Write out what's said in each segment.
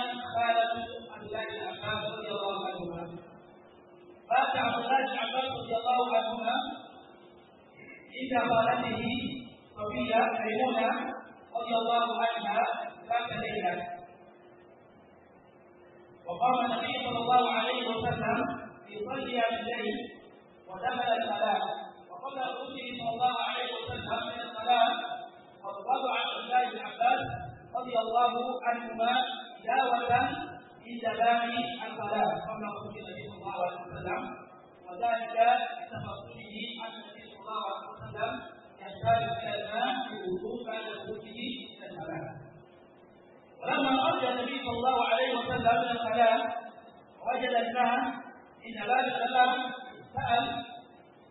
خالة عبد الله بن عباس رضي الله عنهما مات عبد الله بن عباس رضي الله عنهما عند خالته صفية ميمونة رضي الله عنها ذات ليلة وقام النبي صلى الله عليه وسلم يصلي بالليل ودخل الصلاة وقبل خروجه صلى الله عليه وسلم من الصلاة قد وضع عبد الله بن عباس رضي الله عنهما دعوة عند باب الصلاة قبل خروج النبي صلى الله عليه وسلم وذلك لتفصله عن النبي صلى الله عليه وسلم يحتاج إلى الماء في الوضوء بعد خروجه إلى الصلاة ولما خرج النبي صلى الله عليه وسلم من الصلاة وجد الماء إن باب الصلاة سأل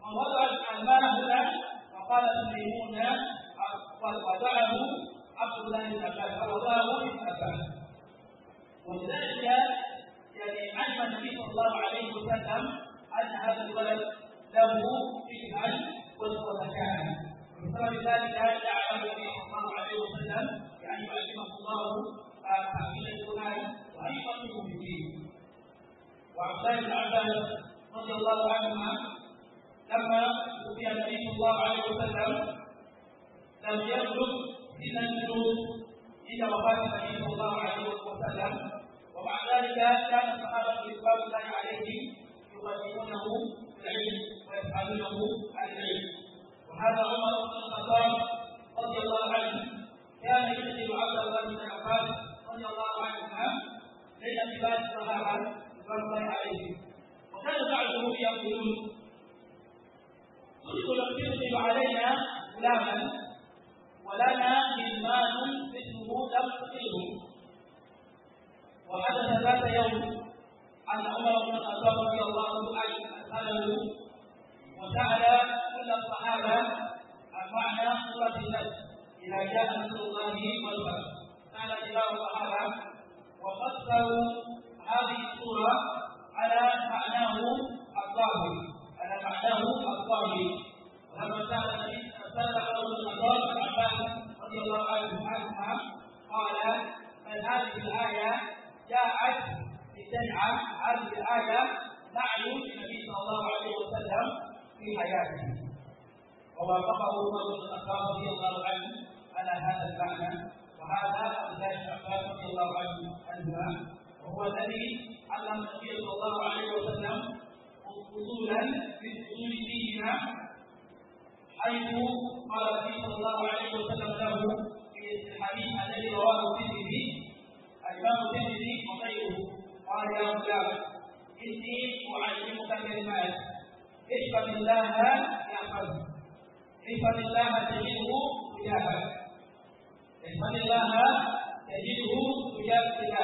ووضع الماء هنا وقال الميمون وضعه عبد الله بن عباس فوضعه ابن عباس ولذلك يعني علم النبي صلى الله عليه وسلم ان هذا الولد له فيه علم وسوى مكانه بسبب ذلك إذا جاء نصر الله والفتح كان اتباع الصحابة وفسروا هذه السورة على معناه الظاهر على معناه الظاهر ولما سأل سأل رجل من أزواج رضي الله عنه عنها قال بل هذه الآية جاءت لتنعم هذه الآية نعي النبي صلى الله عليه وسلم في حياته ووافقه عمر بن الخطاب رضي الله عنه على هذا المعنى وهذا عبد الله بن عباس رضي الله عنهما وهو الذي علم النبي صلى الله عليه وسلم اصولا من اصول ديننا حيث قال النبي صلى الله عليه وسلم له في الحديث الذي رواه الترمذي الامام الترمذي وغيره قال يا غلام اني اعلمك كلمات احفظ الله يحفظك احفظ الله تجده تجاهك Bismillah, jadi tuh tujuan kita.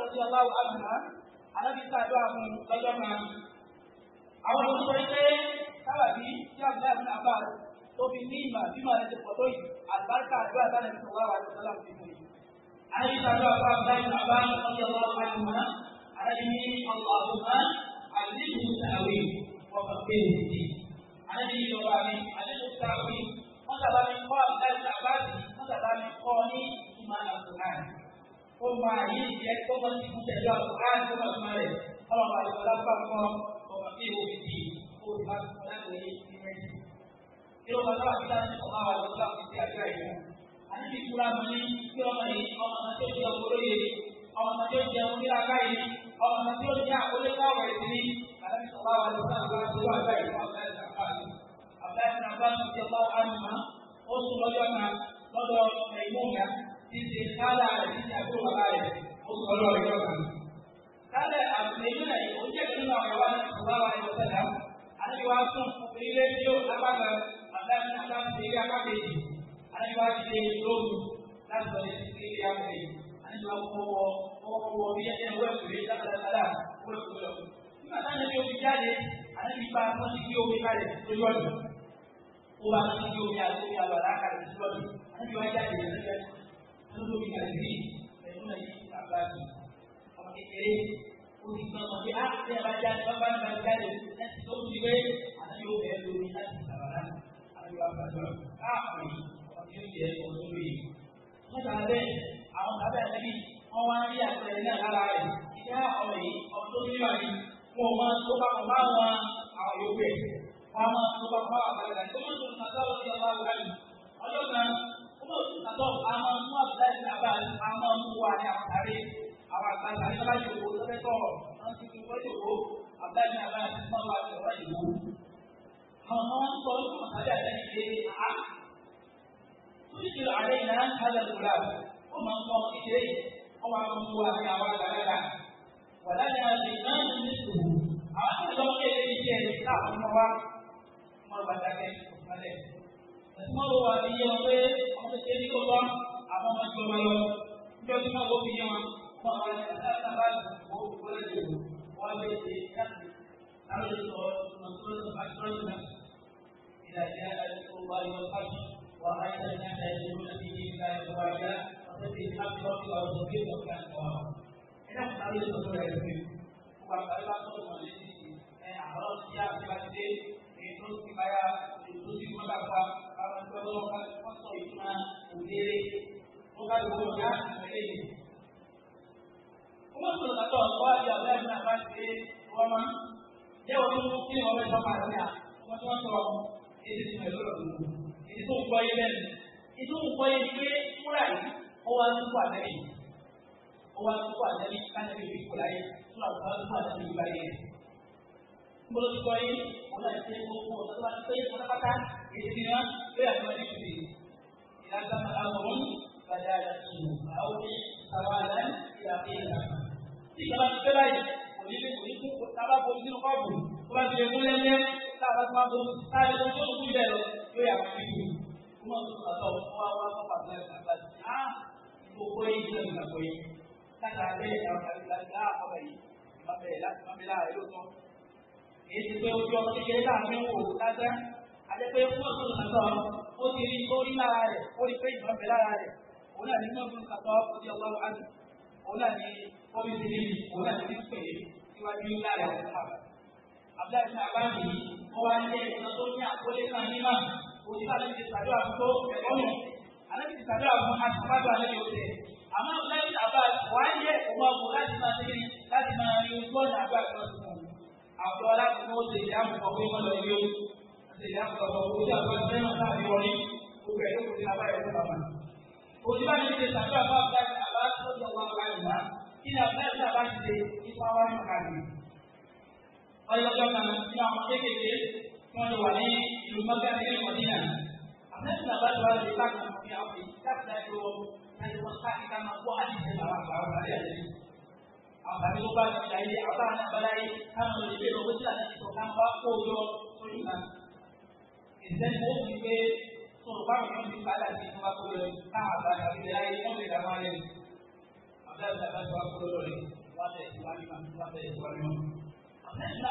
rọ̀bí aláwọ̀ àbùnà alábí sàdúrà fún lọ́jọ́ kan. Àwọn ọmọ sọ pé sábàbí tí àbúlé àbúlé àbá tó fi ní ìmọ̀ bí màá ti pọ̀ tó yìí àlùbáríkà kọ́ ọba bí o fi di o ti bá láti ní ìrẹsì. Kí ló bá lọ́wọ́ àti láti ọ̀gá wa lọ́wọ́ láti ṣe àjọ ìlú. Àti ìfura mọ́ ní kí ọmọ yìí ကိုပါတိကိုရကိုရလာတာကဒီလိုအဲ့ဒီဝိုင်းတဲ့နေရာသူတို့ကလည်းဒီလိုနဲ့အပ္ပါဒီအမကလေးကိုဒီမှာမပြအားပြပါကြတော့ဘာမှမကြတယ်လက်ဆုံးဒီပဲအဲ့ဒီလိုပဲလူကြီးတက်တာပါလားအဲ့ဒီအပ္ပါဒီအာမီအပြည့်ရဲ့ပုံစံကြီးဟုတ်တယ်အောင်သာပဲတည်းောင်းဝါရီရပြည်နဲ့လာတယ်ဒီကအော်ရီအော်တိုမီပါရီပုံမှန်သောကမှာဝါအော်ရုပ်ပဲ wàhálà lọ́ba kọ́ àgbàlagbà ní ọmọ tó nàdá ó di ọba ọba yìí ọjọ́ kan ọmọ tó nàdá ó àmọ́ mú àbúlá ìlú àbá àmọ́ mú wa ní àkàrí àwọn àgbàlagbà ní ọba yìí wò lọ́bẹ̀ tọ̀ wọ́n ti fi wọ́n yòwò àbúlá ìlú àbá mọ́ wa ní ọba yìí wò. àwọn wọn sọ ọdún àtàlẹ́ àtàlẹ́ ìdílé a tóbi àlẹ́ iná hàlẹ́ lọ́la ó máa ń kọ́ kékeré ọmọ àwọn mú wa ní àwọn àgbàlagbà ni a lè náà ní wọn gba dákẹ́ ọ̀sán lẹ̀. ẹ̀sùn wọn wà ní iye wọn pé ọmọ kékeré àwọn ọmọ tí lọ. sọ yìí wọn náà ti gbogbo ọ̀sán wa pé pátápátá èdè náà pé àwọn ẹni tì ìlànà àwòrán padà àtúnú àwọn àwàlá ìyàgbé ìlànà. tí ìjọba ti fẹ́ báyìí kò ní lè kò ní kú tábà bọ̀ sínú kọ́ọ̀bù tó bá ti lè kú lẹ́lẹ́ tábà tó máa bọ̀ táyà tó tó kú bẹ́ẹ̀ lọ yóò yà wọ́n kíkú. wọ́n tún sọ̀tọ̀ fún wa wọ́n fọ́pàá sílẹ̀ nígbà tí a gbogbo yìí sílẹ̀ nígbà tó yìí. káàkiri àbẹ́ àwọn àgbẹ̀ láti èyí ti pé ojú ọmọ kékeré láàrin wò lásán àti pé fún ọ̀sán ìsàtọ̀ ó ti rí orí lára rẹ̀ ó rí pé ìbọn bẹ̀ lára rẹ̀ òun náà ní fún ọ̀sán ìsàtọ̀ ó ti ọgbà wájú òun náà ní omi ti rí òun náà ní pè é síwájú lára rẹ̀ sábà. àbúláyé fún àbáyé yìí ó wá jẹ́ ìtàn tó ní àkólé kan nímà òun náà ti ṣàdúrà tó ẹ̀kọ́ mi àlẹ́ ti ṣàdúrà fún àtàkàdù àlẹ́ yóò tẹ̀ àmọ́ àbúláyé fún àbáyé wàá jẹ́ òun Abdullah bin Mose ìdáàbò kan fún ìmọ̀lẹ̀ ilé o. Àti ìdáàbò kan fún ojú àgbà tí wọ́n náà ní wọlé. Gbogbo ẹ̀ ló kù sí abáyọ̀ fún bàbá. Òṣìbá mi ṣe ṣàdúrà fún àbúrò àbá tó ń lọ wá àgbà kí ni àbúrò àti àbá ti ṣe ipa wá ní àgbè. Ọlọ́jọ́ kan nínú àwọn kéékèèké tí wọ́n lọ wà ní ìlú Mọ́gá ní ìlú Mọ́dínà. Àbúrò àti àbá ti wá lè bá kan fún mi àwọn èyí láti láti wọ àbàmì ló bá ti ṣe ayé àbá àbáláyé káwọn olùgbé lọ wọ́n ti àti ìṣọ̀kan bá kó o yọ lórí ìlà. ìṣẹ́ni ó ti gbé sọ̀rọ̀ báwọn yóò ti padà sí ìfúnpá tó lọ káà bá àbílẹ̀ ayé wọ́n lè dá wọn lẹ́nu. àbúrò àbá ti wá kó lọ rẹ̀ wọ́n tẹ̀ sí wáyé máa wọ́n tẹ̀ sí wáyé máa.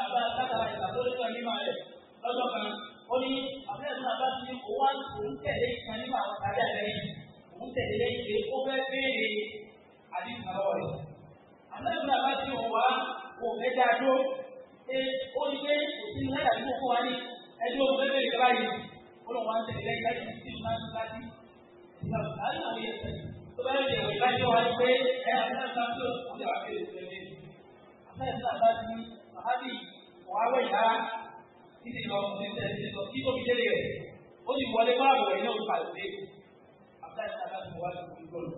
àbúrò àbá látara ìgbàgbọ́ lórí wáyé máa rẹ̀ lọ́jọ́ kan ó ní àbúrò àbá ti ní owó àti òun tẹ̀lé ìkan nípa àwọn tàbí àlẹ́ yìí òun tẹ̀lé lẹ́yìn pé ó fẹ́ béèrè àtàlẹ́ ìgbà bá ti wọ̀ wá kò fẹ́ dáa dó ṣe ó ní pé kò sí ní ládàá tó fún wa ní ẹjọ́ òun fẹ́ bẹ̀rẹ̀ ìjọba yìí ó lọ́wọ́ à ń tẹ̀lé lẹ́yìn láti fi sílùú láti láti ìgbà láti àwọn yẹn tẹ̀lé tó bá yẹ ìwé láti wá ní pé ẹ àtàlẹ́ ìgbà tó ó lè wá kéré ìfẹ́ mi àtàlẹ́ ìgbà bá ti sàhábì wàhálà ìhá títí lọ sí tẹ̀lé lọ kí tóbi délé rẹ̀ ó sì wọlé báàbò rẹ̀ náà pàdé àtàlẹ́ ìgbà bá ti wá lójú ọ̀nà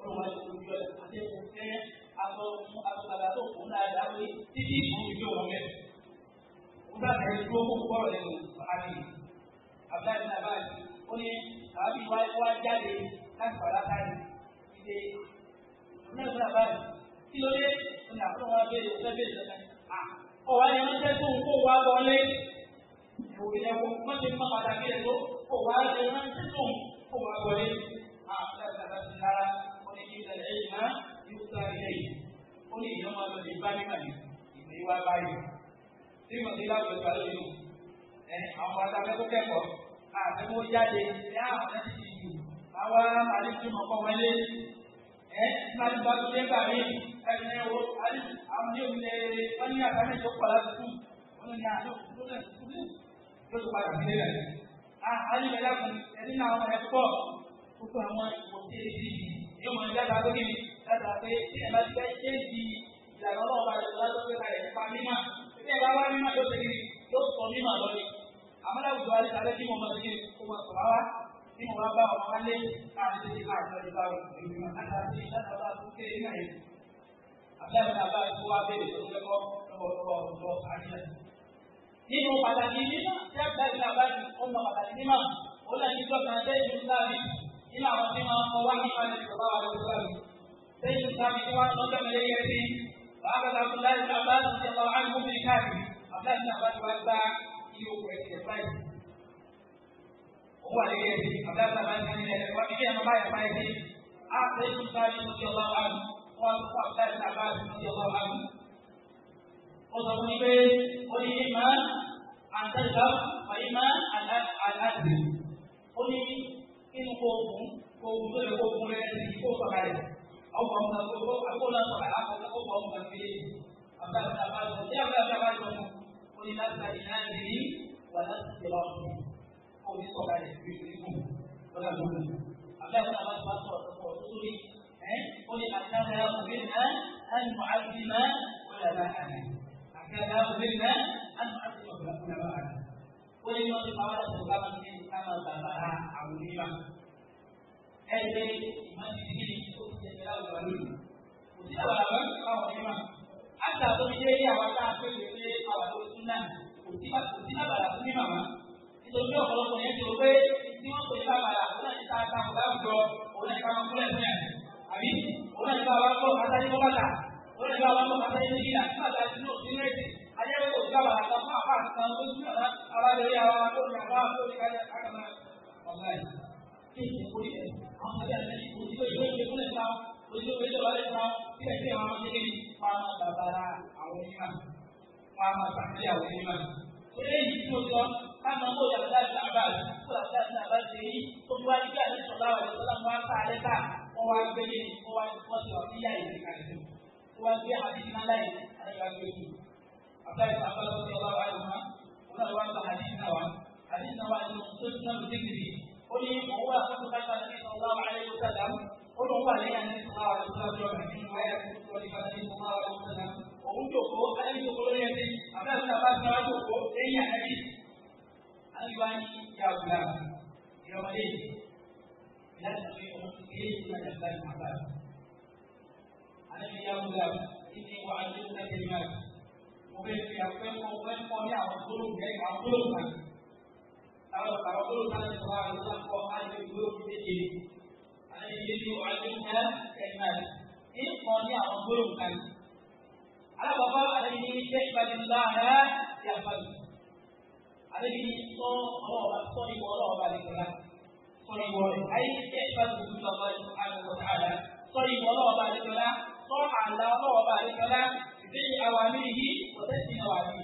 ó lọ́wọ́ àti ojú ọ̀nà àti ẹ̀kọ́ fẹ́ aṣọ àgbà tó kù náà dáwé títí ìfún mi tó wọlé. Wọ́n bá bẹ̀rẹ̀ dúró kó kọ́ ọ̀rẹ́ mi àbí Abdullahi bin Abbas ó ní àbí wá jáde láti wà látàrí ìdè Abdullahi bin Abbas kí ló dé ní àbúrò wa bẹ̀rẹ̀ òfẹ́ bẹ̀rẹ̀ lọ́nà. Ọ̀wá ni wọ́n tẹ́ tó ń kó wá wọlé. Ìwòye ẹ̀wọ̀n wọ́n ti mọ pàtàkì ẹ̀ tó kó wá lẹ́yìn wọ́n tẹ́ tó ń kó wá wọlé. bá ní kàlí ìdí wá báyìí tí mo ti láwùjọ ìgbà lórí o ẹ àwọn adájọ́ tó kẹ́kọ̀ọ́ àtẹwọ́ jáde ẹ àwọn ẹni ti jù àwa àdìsúmọ̀ kọ́ wọlé ẹ nígbàdí bá tó dé gbà mí ẹni ẹ wo àwọn ní òun lè wọ́n ní àtàlẹ́ tó pọ̀ láti kú wọn ní àná tó lẹ̀ tó lẹ̀ tó tó padà sílé rẹ̀ àyè ìgbàlá kan ẹni náà wọn ẹ pọ̀ gbogbo àwọn ìwọ̀n tí èyí yóò máa dábàá lórí dábàá pé tí ẹ bá ti fẹ́ ṣéèjì ìlànà ọlọ́run bá jẹ lọ́dọ́ pé kalẹ̀ nípa mímọ́ tí ẹ bá wá mímọ́ tó ṣe kiri ló sọ mímọ́ lọ́dẹ àmọ́ láwùjọ alẹ́ tàbí kí mo máa ṣe kiri kó máa sọ̀rọ̀ wá kí mo wá bá wọn wá lé láti ṣe kíkà àjọ ìgbà ìgbìmọ̀ láti láti bá tó kéré náà yẹn àbẹ́rẹ́ náà bá tó wá bẹ̀rẹ̀ tó lẹ́kọ́ lọ́wọ́ lọ́wọ́ àríyá nínú pàtàkì mímọ́ tí àbẹ́rẹ́ náà bá ti ọmọ pàtàkì mímọ́ ó lẹ́ níjọ́ kan lẹ́yìn ìsúláàbí nínú àwọn tí wọ́n kọ́ wá nípa ìsọ̀rọ̀ àwọn ìsọ̀rọ̀ lẹ́yìn ìsúláàbí tí wọ́n lọ́jọ́ mẹ́lẹ́yẹ sí فأخذ عبد الله بن عباس رضي الله عنه بركابه عبد الله بن عباس وأتباع يوكو إكسبايز هو عليه عبد الله بن عباس وأبيكي أنا بايع بايعي أعطي مسالي رضي الله عنه وأبو عبد الله بن عباس رضي الله عنه وضعوني بين قولي إما أن تذهب وإما أن أذهب قولي إنه قوم قوم قوم قوم قوم قوم قوم àwọn kan náà tó kó náà sọ̀rọ̀ àkọ́kọ́ kó kọ́ nǹkan fi àbá àbá lọ sí àbá àbá lọ mọ́ ó ní láti ta ìlànà ìrírí wà láti ti lọ sí kó ní sọ̀rọ̀ rẹ̀ fi ìrírí mú lọ́la lónìí àbá àbá àbá sọ̀rọ̀ sọ̀rọ̀ sórí ẹ̀ ó ní àtàkùn bá gbé àdìsí náà láì àyíká gbé jù abúlé sábà lọ sí ọlá wa yìí wọn wọn náà wá gba àdìsí náà wá àdìsí náà wá nínú tó ní sọ́nù dígírì ó ní òun wà fún bàtà ní ọlá wa ayé wọn sàdá ó lóun wà lẹ́yìn àti ọlá wa yìí wọn jọ àti ìwà yà tó ní bàtà wa yìí wọn sàdá òun jòkó ayé jòkó lórí ẹsẹ وسلم إني أعلمك كلمات وبين في أفكار وبين قولي أقول كيف أقول لك أقول لك أنا صلى الله عليه وسلم وأنا أقول في ذكري أنا إني أعلمك كلمات إن قولي أقول لك على بابا عليه تحمد الله يحفظك عليه صلى الله عليه وسلم صلى الله عليه وسلم أي تحمد الله سبحانه وتعالى صلى الله عليه وسلم sọ àlà ọlọ́wọ́ bá àdéjọ́lá ìdí àwọn àmì yìí ọ̀tẹ́ sí àwọn àmì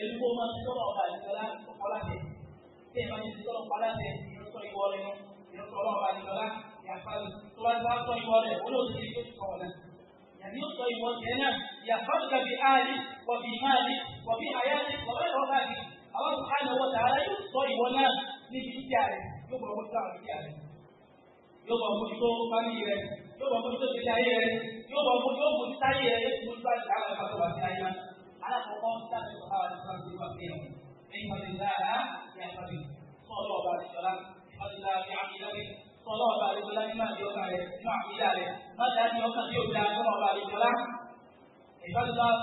èlú kó máa ti sọ́nà ọba àdéjọ́lá ọ̀pọ̀lá tẹ̀ tí ẹ̀ máa ti sọ́nà ọ̀pọ̀lá tẹ̀ ìrọ́sọ ìwọ rẹ̀ ìrọ́sọ ọlọ́wọ́ àdéjọ́lá yàtọ̀ tó bá ti sọ ìwọ rẹ̀ olóòtú yóò sọ ọ̀la yàtọ̀ yóò sọ ìwọ rẹ̀ náà yàtọ̀ gàbí àlè wọ̀bí máàlè wọ̀bí àyàlè wọ̀bí ọ̀gáàlè àwọn àna wọ̀ tààrà yóò sọ ìwọ náà níbi ìjà rẹ̀ yóò bọ̀ wọ́n sọ àwọn ìjà rẹ̀ yóò bọ̀ wọ́n tó bá ní rẹ̀ yóò bọ̀ wọ́n tó ti dá yé sọ fún yóò bù sáyé ẹ yóò tún bá ìyá àwọn ìbátan wà sí ayé náà alákọ̀ọ́kọ́ dábẹ́ sọ àwọn ìbátan sí wà sí ẹ̀wọ̀n ẹ̀yìn pàṣẹ dáadáa ní àtàbí sọ́ọ̀lọ́ ọba àdìsọ́lá pàṣẹ dáadáa ní àmì sọ́ọ̀lọ́ ọba àdìsọ́lá nínú àdìọ́ kan rẹ̀ nínú àmìlá rẹ̀ má dáadé ọkàn tí ò dáa fún ọba àdìsọ́lá ìbátan sọ́ọ̀lọ́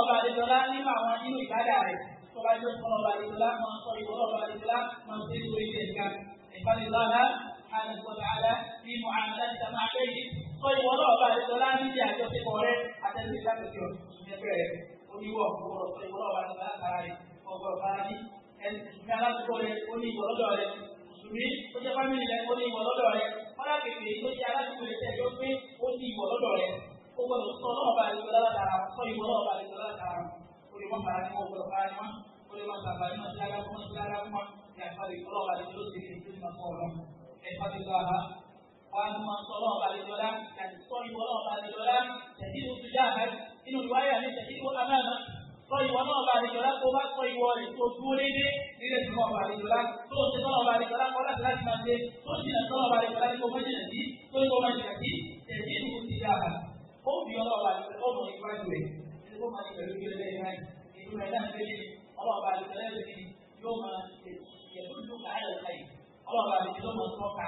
ọba àdìsọ́lá nínú àwọn nínú ìbádà rẹ̀ sọ́ba ìjọ sọ́ọ̀lọ́ ọba àdìsọ́lá máa sọ ìwọ́lọ́ ọba àdìsọ́lá máa ń ṣe é lórí ẹ̀ka ìbátan sọ́ọ̀lọ́ معاملاتك مع غيرك طيب والله بعد السلام يجي على جوتي بوري حتى يجي لك الجوت oníwọ̀ ọ̀rọ̀ sọ ìwọ́n ọ̀rọ̀ àti látara rẹ̀ ọ̀gbọ̀n faraji ẹni ní alásùkò rẹ̀ ó ní ìwọ̀ lọ́dọ̀ rẹ̀ mùsùlùmí ó jẹ́ fámìlì rẹ̀ ó ní ìwọ̀ lọ́dọ̀ rẹ̀ kọ́lá kékeré tó jẹ́ alásùkò rẹ̀ tẹ̀lé ó pé ó ní ìwọ̀ lọ́dọ̀ rẹ̀ ó gbọ́dọ̀ sọ náà bá àlejò látara sọ ìwọ̀ náà bá àlejò látara àwọn àtúmọ̀ sọ̀rọ̀ ọba àdìjọ́lá àti sọ́ọ̀lì wọlé ọba àdìjọ́lá tẹ̀sí ìlú jáde nínú ìwáyà ní tẹ̀sí ìwọ amáàmá sọ́ọ̀lì wọlé ọba àdìjọ́lá tó bá sọ ìwọ rẹ̀ tó dúró lédè nílé sọ́ọ̀ ọba àdìjọ́lá tó ń sọ́ọ̀ ọba àdìjọ́lá kọ́ láti láti máa ṣe tó ń jìnà sọ́ọ̀ ọba àdìjọ́lá ní kò mọ́ jìnà sí tó ń kọ́ máa jìnà sí tẹ̀sí ìlú jáde ó fi ọlọ́ ọba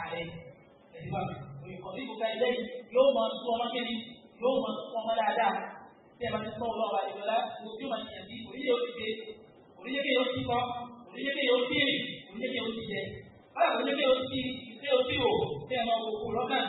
àdìjọ́lá ó ìkọ̀sí gbogbo ẹgbẹ́ yóò máa sọ ọmọ kéde máa sọ ọmọ dáadáa tí ẹ ti sọ ọmọ ọba ìjọba ojú ma kí yóò ti kọ́ kí yóò ti èrè oríyẹ kí yóò ti kí yóò ti o tí ẹ máa wò kó lọ́kàn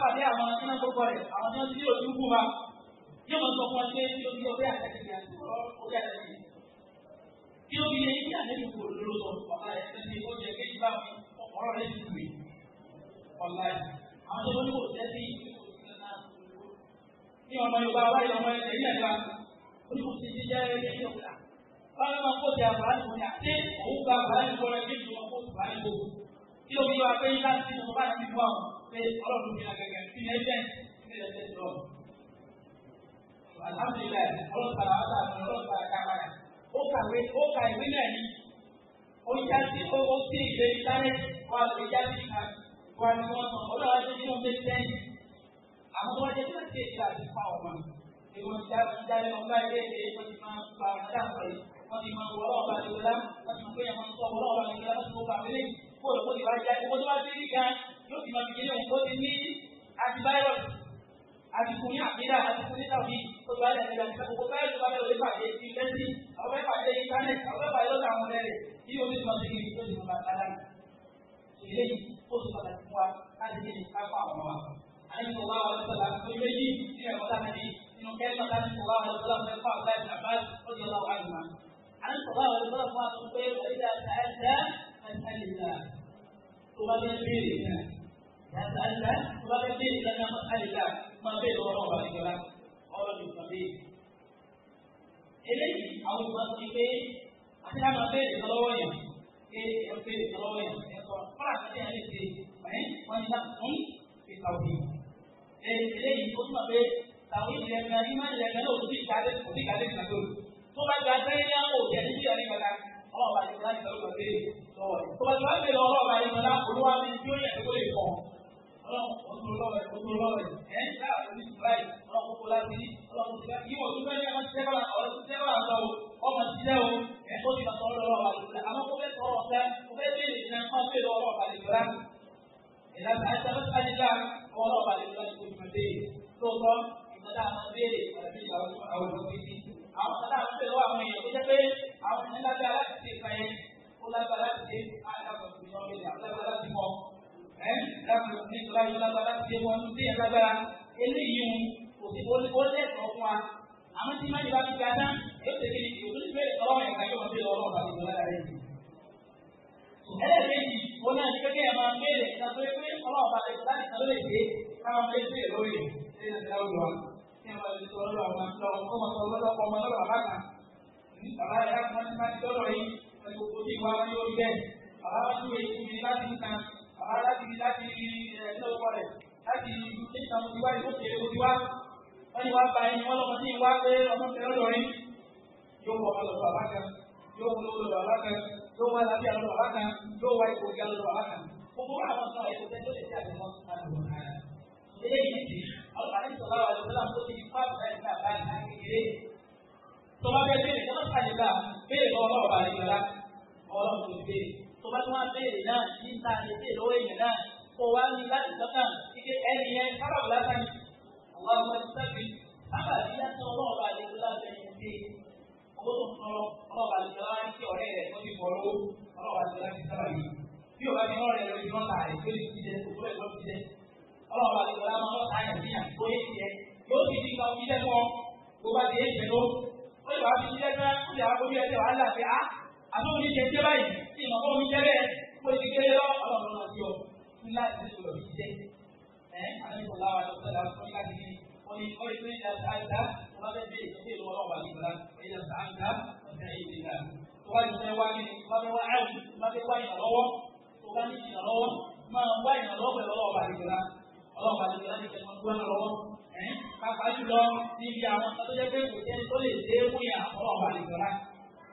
pàdé àwọn tí wọ́n gbọ́kọ̀ rẹ̀ àwọn tí wọ́n ti kú wa yóò mọ̀ sọ fún ọ pé kí o bí orí àtẹ́kẹ́ ni àti orí àtẹ́kẹ́ kí o bí yẹ kí àtẹ́kẹ́ kò lóró sọ ọ̀la rẹ̀ ṣe ní oúnjẹ kí ìgbà mi ọ̀rọ̀ rẹ̀ ti gbè ọ̀la rẹ̀ àwọn tó lóko tẹ́ sí ní ọmọ Yorùbá wáyé ọmọ ẹ̀yìn ẹ̀dá olùkọ́ ti ti jẹ́ ẹgbẹ́ ìjọba báwo máa kó ti àbúrá ní wọn àti òun gba àbúrá ní wọn ẹgbẹ́ ìjọba kó ti bá ní gbogbo kí o bí wa pé yíká sí ọmọ bá ti bú àwọn pé ọlọ́run mi àgàgà sí ẹ̀jẹ̀ sí ẹ̀jẹ̀ lọ. Alhamdulilayi ọlọ́pàá làwọn àti ọlọ́pàá kàwáyà. Ó kàwé ó ka ìwé náà ní. Ó já sí owó sí ìgbé sáré wà lè já sí ìka wà ní wọ́n sọ ọlọ́run àti ìdíwọ̀n bẹ sẹ́yìn. Àwọn tó wá jẹ́ sílẹ̀ sí èdè àti pa ọ̀ma. Ìwọ̀n já sí jáde wọn bá ilé ìdè wọ́n ti máa gba àwọn dáàbò yìí. Wọ́n ti máa wọ ọlọ́ọ̀bà ìwé lá. Wọ́n ti máa pé àwọn sọ ọlọ́ọ̀bà ìwé lá yóò ti máa fi kéde òun tó ti ní àti báírọ̀sì àti kùn ní àkídà àti kùn tàbí tó ti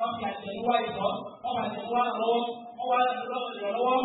wọ́n fi àtẹ̀wá ìtọ́ wọ́n fi àtẹ̀wá lọ́wọ́ wọ́n wá lọ́wọ́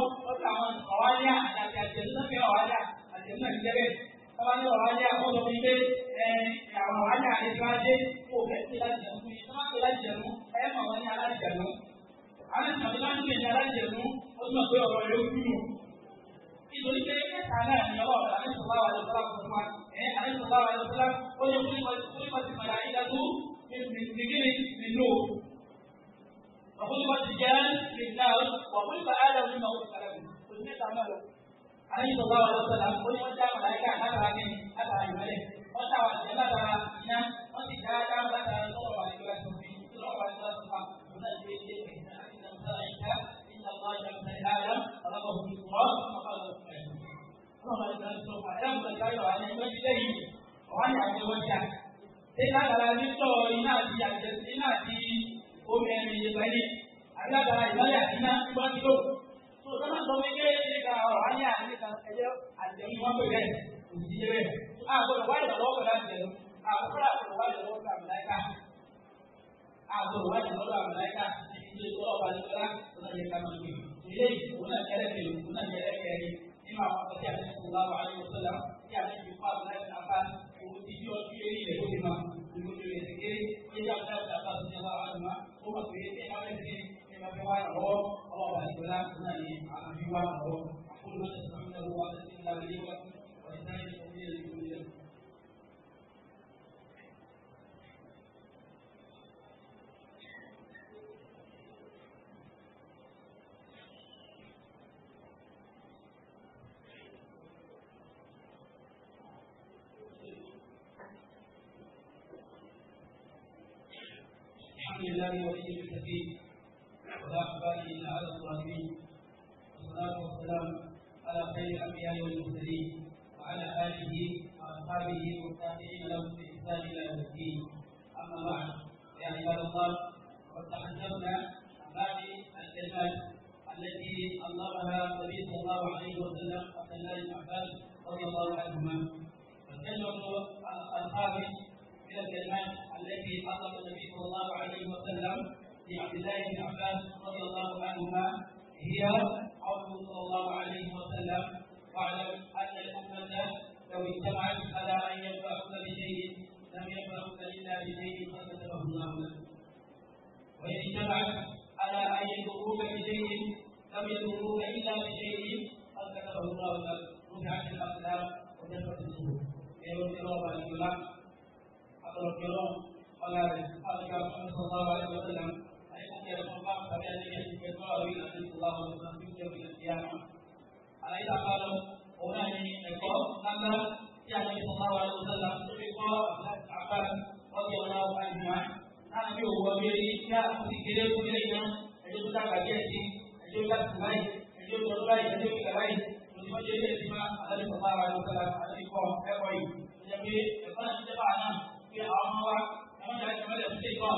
lè ní kí a ti kéré kó kéré yẹn ẹjọ́ tó dàgbà bí ẹsìn ẹjọ́ tó dàgbà báyìí ẹjọ́ tó dàgbà báyìí ẹjọ́ tó dàgbà báyìí lórí ọjọ́ ilé ẹsìn wa alábi bàbá wa ló kala alábi kọ ẹ̀kọ́ yìí ẹjọ́ pé ẹ̀kọ́ náà ti dẹbà náà pé àwọn ọmọ wa ẹwọn yà ẹjọ́ mọlẹ fún tẹkọ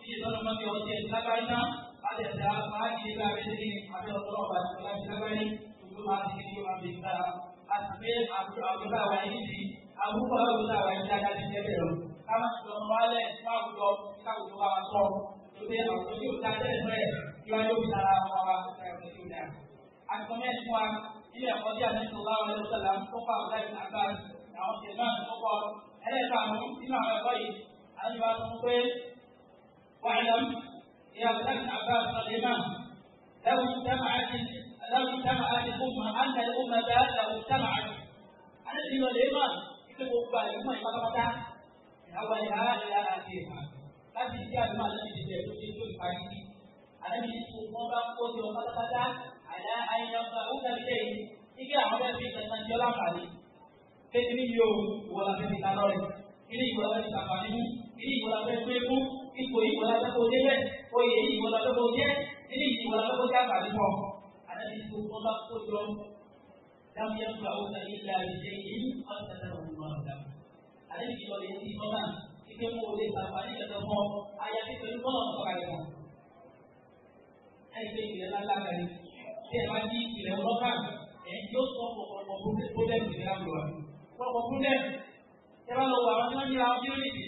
níbi ìtọ́nà mọ́tì ọtí ẹ̀sìn lágbárí náà láti ẹ̀sìn àbáyé lábẹ́ sí àbẹ́ ọ̀tọ́ ká má ti lọ́mọ wálẹ̀ fún àwùjọ káwùjọ wa wá sọ lóde àwùjọ yóò dá tẹ́lẹ̀ mẹ́rẹ̀ kí wọ́n yóò dára wọn wá ṣàkóso yóò dá. àtìmọ́mẹ́ fún wa ilé ẹ̀kọ́ bí àtẹ́sọ̀ bá wọn lọ́sọ̀ là ń kópa àwùjọ àgbà àwọn tẹ̀ náà tó kọ ẹlẹ́kàánú nínú àwọn ẹ̀kọ́ yìí àyùbá tó ń pé wàhálàm ìyá àwùjọ àgbà sọ̀lẹ́mà لو اجتمعت لو اجتمعت الأمة أن الأمة لو اجتمعت أنا اللي هو الإيمان يكتب بقى الأمة يبقى awali ha ila ati ha láti ṣe àdúrà láti ṣe bẹ̀rù ṣe tó ìparí sí àdàbí ṣe wọn bá kó ṣe wọn pátápátá àdá ayélujára ó dàbí ṣe yìí ike àwọn bẹ́ẹ̀ fi ìtẹ̀sí àti ọlá àǹfààní kéde ní yóò wọ la fẹ́ fi ta lọ́rẹ̀ ilé ìwọ la fẹ́ fi tàpá nínú ilé ìwọ la fẹ́ fi kú ipò ìwọ la fẹ́ kó dé bẹ́ẹ̀ oyè ìwọ la fẹ́ kó jẹ́ ilé ìwọ la fẹ́ kó àǹfààní pọ̀ àdàbí ṣe wọn bá àdébí kí lọ́ọ́ lè ti sọ́nà ike mú o lè sàǹfààní ìjọba mọ́ ayáfi pẹ̀lú bọ́ọ̀lù sọ̀rọ̀ rẹ̀ mọ́. ẹ̀ṣẹ̀ ìpìlẹ̀ lágbára rẹ̀ tí ẹ bá ní ìpìlẹ̀ ọlọ́kà ẹ̀ ń yóò sọ ọ̀pọ̀lọpọ̀ pọ́lẹ́mù ìlera lò wá. pọ̀pọ̀ pọ́lẹ́mù ẹ bá lọ wọ àwọn tí wọ́n yíra wọn bílíọ̀nì sí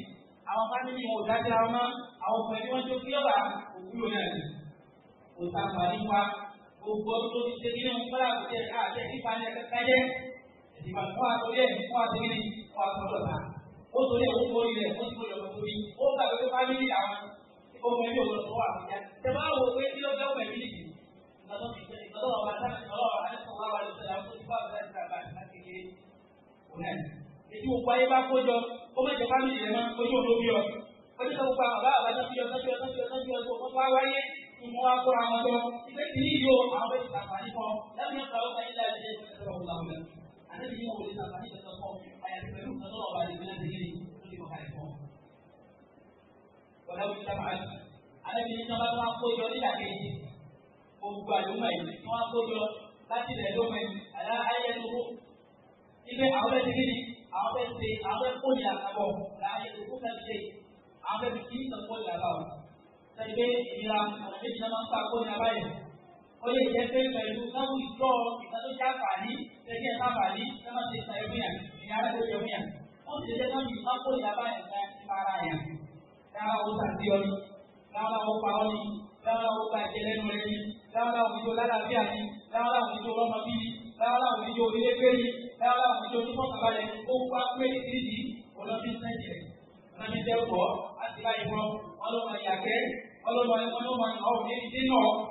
àwọn fámìlì wọn ò dájá wọn mọ́ àwọn ọmọ ẹni wọ́n jó kí ọ̀la òwúrò náà ni. kò sàǹfààní wa gbogbo tó ti ṣe nínú kọ́lá àti ẹ̀ka àti ẹ̀ka ìpàdé ẹ̀ka ìpàdé ẹ̀ka ìpàdé fún àtòlẹ́ fún àtòlẹ́ wà sọ́dọ̀ ta ó torí àwọn tó rí rẹ̀ ó ti gbọ́dọ̀ tó rí ó gbà pé fámìlì àwọn ọmọ ẹni òun tó wà níjà tẹ máa wò pé kí ló fẹ́ wọ̀ ẹ̀mí nìyí ìgbàlọ́ ọba sáà ọlọ́wọ́ àdéhùn wa wà àwọn tó ti bá ọ̀dọ́ ẹ̀sìn àgbà àti kékeré òun náà ètò òkú ó mẹ́jọ fámìlì rẹ̀ máa ń kójú ọ̀la wí sábà ní. Àlejò ní sábà wọn kójọ nígbà kejì. Gbogbo àlùmọ̀ yìí ni wọ́n kójọ láti ilẹ̀ lómẹ̀ àlá ayé lówó. Ibẹ̀ àwọn ẹ̀sìn kìíní, àwọn fẹ́ ṣe àwọn fẹ́ kóyè àkàbọ̀ láàyè lówó fẹ́ ṣe. Àwọn fẹ́ fi kìíní sọ̀kọ́ ìlàbà o. Sẹ́gbẹ́ ìlà ọ̀nà méjì náà máa ń pa kóyè abáyé. Ó lè jẹ́ pé pẹ̀lú káwọn ìjọ ìtàdójá àǹfààní, ṣẹ́gbẹ́ ìtàǹfààní, ṣẹ́ máa ṣe ìtàn ẹ̀mí yàn, ìyára tó yẹ mí yàn. Ó sì lè jẹ́ káwọn ìtàkó ìlàbà yàn lára ó sàdí ọ ni lára ó pa ọ ni lára ó gba ẹ̀jẹ̀ lẹ́nu rẹ ni lára ó níjó lálàáfíà ni lára ó níjó lọ́mọ bí ni lára ó níjó onílé pé ni lára ó níjó onífọ̀ kàbalẹ̀ ó wá pé níbi ọlọ́bí sẹ́jẹ̀ ọlọ́bí sẹ́kọ̀ọ́ àti láyé wọn ọlọ́mọ ìyàgẹ́ ọlọ́mọ ọlọ́mọ ìyàwó